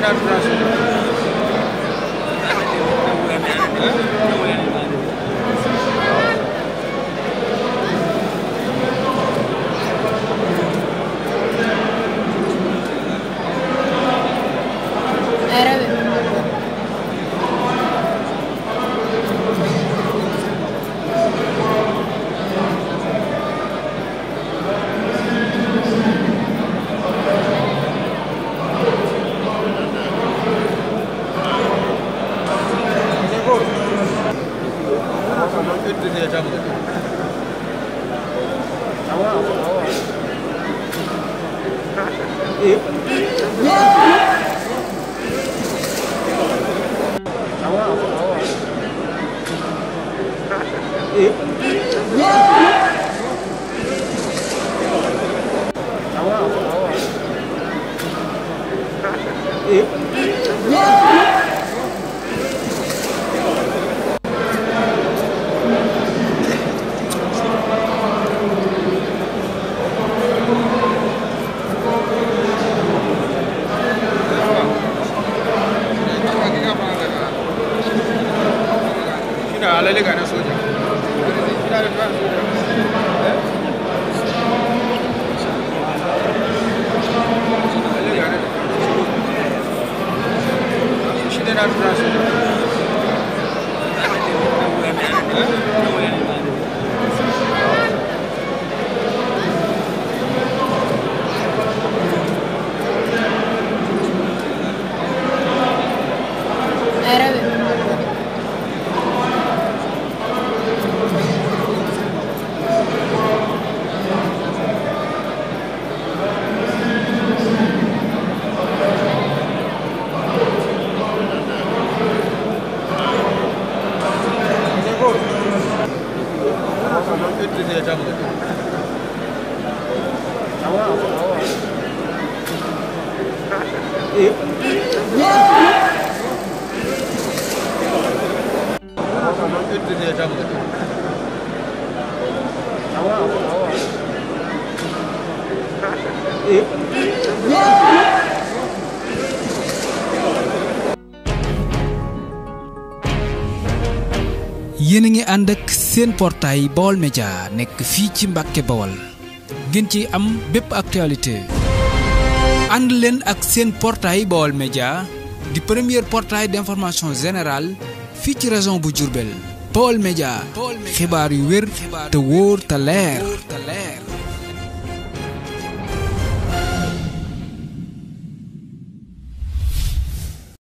melhor do Brasil. ö e a b m a İyi. Tamam. İyi. t a m a lalaleika na soja Şimdi ne yapacağız? 뜯어야 잡으거든. 나와, 나와. 뜯어야 잡으거든. 나와, 나와. yéen a ngi ànd ak seen portail Baol Média nekk fii ci Mbàkke Bawol ngeen ci am bépp actualité ànd leen ak seen portaay Baol Média di premier portail d'information générale fii ci région bu Diourbel Baol Média xibaar yu wér te wóor te